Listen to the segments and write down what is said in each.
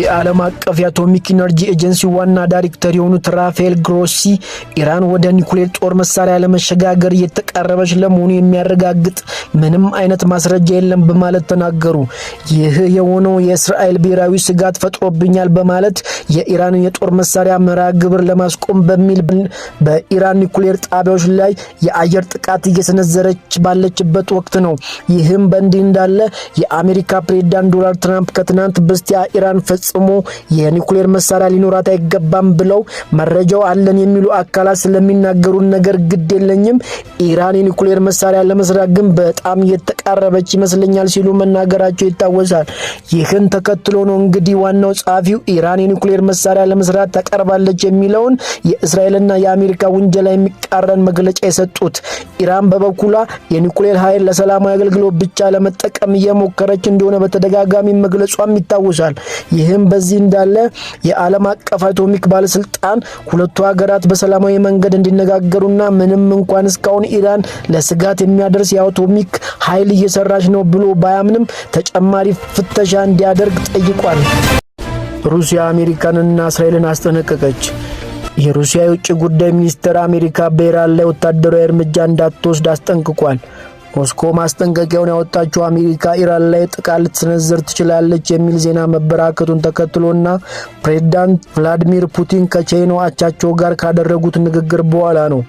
የዓለም አቀፍ የአቶሚክ ኢነርጂ ኤጀንሲ ዋና ዳይሬክተር የሆኑት ራፋኤል ግሮሲ ኢራን ወደ ኒኩሌር ጦር መሳሪያ ለመሸጋገር እየተቃረበች ለመሆኑ የሚያረጋግጥ ምንም አይነት ማስረጃ የለም በማለት ተናገሩ። ይህ የሆነው የእስራኤል ብሔራዊ ስጋት ፈጥሮብኛል በማለት የኢራንን የጦር መሳሪያ መርሃ ግብር ለማስቆም በሚል በኢራን ኒኩሌር ጣቢያዎች ላይ የአየር ጥቃት እየሰነዘረች ባለችበት ወቅት ነው። ይህም በእንዲህ እንዳለ የአሜሪካ ፕሬዚዳንት ዶናልድ ትራምፕ ከትናንት በስቲያ ኢራን ፈጽሞ የኒውክሌር መሳሪያ ሊኖራት አይገባም ብለው መረጃው አለን የሚሉ አካላት ስለሚናገሩን ነገር ግድ የለኝም፣ ኢራን የኒውክሌር መሳሪያ ለመስራት ግን በጣም የተቃረበች ይመስለኛል ሲሉ መናገራቸው ይታወሳል። ይህን ተከትሎ ነው እንግዲህ ዋናው ጸሐፊው ኢራን የኒውክሌር መሳሪያ ለመስራት ተቀርባለች የሚለውን የእስራኤልና የአሜሪካ ውንጀላ የሚቃረን መግለጫ የሰጡት። ኢራን በበኩሏ የኒውክሌር ኃይል ለሰላማዊ አገልግሎት ብቻ ለመጠቀም እየሞከረች እንደሆነ በተደጋጋሚ መግለጿም ይታወሳል። ይህ ይህም በዚህ እንዳለ የዓለም አቀፍ አቶሚክ ባለስልጣን ሁለቱ ሀገራት በሰላማዊ መንገድ እንዲነጋገሩና ምንም እንኳን እስካሁን ኢራን ለስጋት የሚያደርስ የአቶሚክ ኃይል እየሰራች ነው ብሎ ባያምንም ተጨማሪ ፍተሻ እንዲያደርግ ጠይቋል። ሩሲያ አሜሪካንና እስራኤልን አስጠነቀቀች። የሩሲያ የውጭ ጉዳይ ሚኒስትር አሜሪካ በኢራን ላይ ወታደራዊ እርምጃ እንዳትወስድ አስጠንቅቋል። ሞስኮ ማስጠንቀቂያውን ያወጣችው አሜሪካ ኢራን ላይ ጥቃት ልትሰነዝር ትችላለች የሚል ዜና መበራከቱን ተከትሎና ፕሬዝዳንት ቭላዲሚር ፑቲን ከቻይና አቻቸው ጋር ካደረጉት ንግግር በኋላ ነው።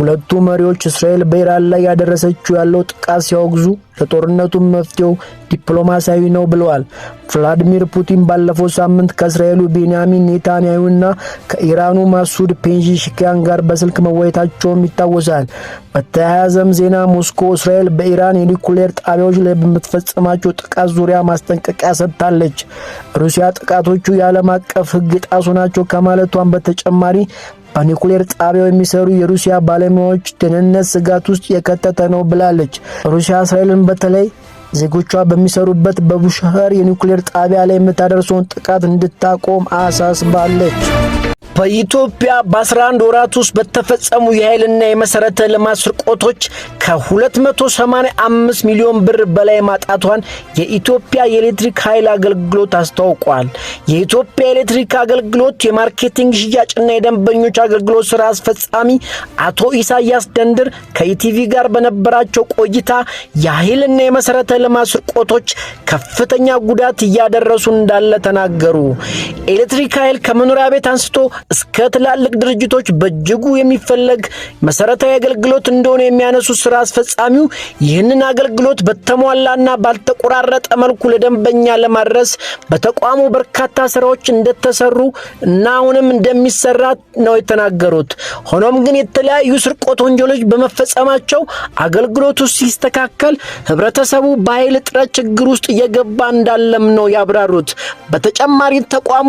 ሁለቱ መሪዎች እስራኤል በኢራን ላይ ያደረሰችው ያለው ጥቃት ሲያወግዙ ለጦርነቱም መፍትሄው ዲፕሎማሲያዊ ነው ብለዋል። ቭላዲሚር ፑቲን ባለፈው ሳምንት ከእስራኤሉ ቤንያሚን ኔታንያሁና ከኢራኑ ማሱድ ፔንጂሽኪያን ጋር በስልክ መወያየታቸውም ይታወሳል። በተያያዘም ዜና ሞስኮ እስራኤል በኢራን የኒኩሌር ጣቢያዎች ላይ በምትፈጽማቸው ጥቃት ዙሪያ ማስጠንቀቂያ ሰጥታለች። ሩሲያ ጥቃቶቹ የዓለም አቀፍ ሕግ የጣሱ ናቸው ከማለቷን በተጨማሪ በኒውክሌር ጣቢያው የሚሰሩ የሩሲያ ባለሙያዎች ደህንነት ስጋት ውስጥ የከተተ ነው ብላለች። ሩሲያ እስራኤልን በተለይ ዜጎቿ በሚሰሩበት በቡሸህር የኒውክሌር ጣቢያ ላይ የምታደርሰውን ጥቃት እንድታቆም አሳስባለች። በኢትዮጵያ በ11 ወራት ውስጥ በተፈጸሙ የኃይልና የመሠረተ ልማት ስርቆቶች ከ285 ሚሊዮን ብር በላይ ማጣቷን የኢትዮጵያ የኤሌክትሪክ ኃይል አገልግሎት አስታውቋል። የኢትዮጵያ ኤሌክትሪክ አገልግሎት የማርኬቲንግ ሽያጭና የደንበኞች አገልግሎት ሥራ አስፈጻሚ አቶ ኢሳያስ ደንድር ከኢቲቪ ጋር በነበራቸው ቆይታ የኃይልና የመሠረተ ልማት ስርቆቶች ከፍተኛ ጉዳት እያደረሱ እንዳለ ተናገሩ። ኤሌክትሪክ ኃይል ከመኖሪያ ቤት አንስቶ እስከ ትላልቅ ድርጅቶች በእጅጉ የሚፈለግ መሰረታዊ አገልግሎት እንደሆነ የሚያነሱ ስራ አስፈጻሚው ይህንን አገልግሎት በተሟላና ባልተቆራረጠ መልኩ ለደንበኛ ለማድረስ በተቋሙ በርካታ ስራዎች እንደተሰሩ እና አሁንም እንደሚሰራ ነው የተናገሩት። ሆኖም ግን የተለያዩ ስርቆት ወንጀሎች በመፈጸማቸው አገልግሎቱ ሲስተካከል ህብረተሰቡ በኃይል እጥረት ችግር ውስጥ እየገባ እንዳለም ነው ያብራሩት። በተጨማሪ ተቋሙ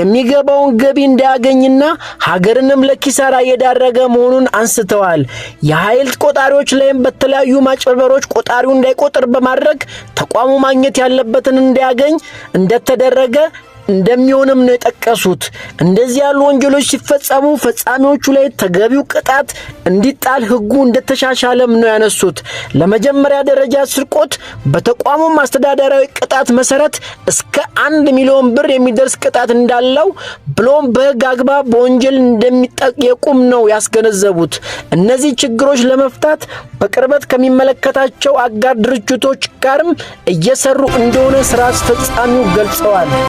የሚገባውን ገቢ እንዳያገኝ አሳዛኝና ሀገርንም ለኪሳራ እየዳረገ መሆኑን አንስተዋል። የኃይል ቆጣሪዎች ላይም በተለያዩ ማጭበርበሮች ቆጣሪው እንዳይቆጥር በማድረግ ተቋሙ ማግኘት ያለበትን እንዲያገኝ እንደተደረገ እንደሚሆንም ነው የጠቀሱት። እንደዚህ ያሉ ወንጀሎች ሲፈጸሙ ፈጻሚዎቹ ላይ ተገቢው ቅጣት እንዲጣል ሕጉ እንደተሻሻለም ነው ያነሱት። ለመጀመሪያ ደረጃ ስርቆት በተቋሙ አስተዳደራዊ ቅጣት መሰረት እስከ አንድ ሚሊዮን ብር የሚደርስ ቅጣት እንዳለው ብሎም በሕግ አግባብ በወንጀል እንደሚጠየቁም ነው ያስገነዘቡት። እነዚህ ችግሮች ለመፍታት በቅርበት ከሚመለከታቸው አጋር ድርጅቶች ጋርም እየሰሩ እንደሆነ ስራ አስፈጻሚው ገልጸዋል።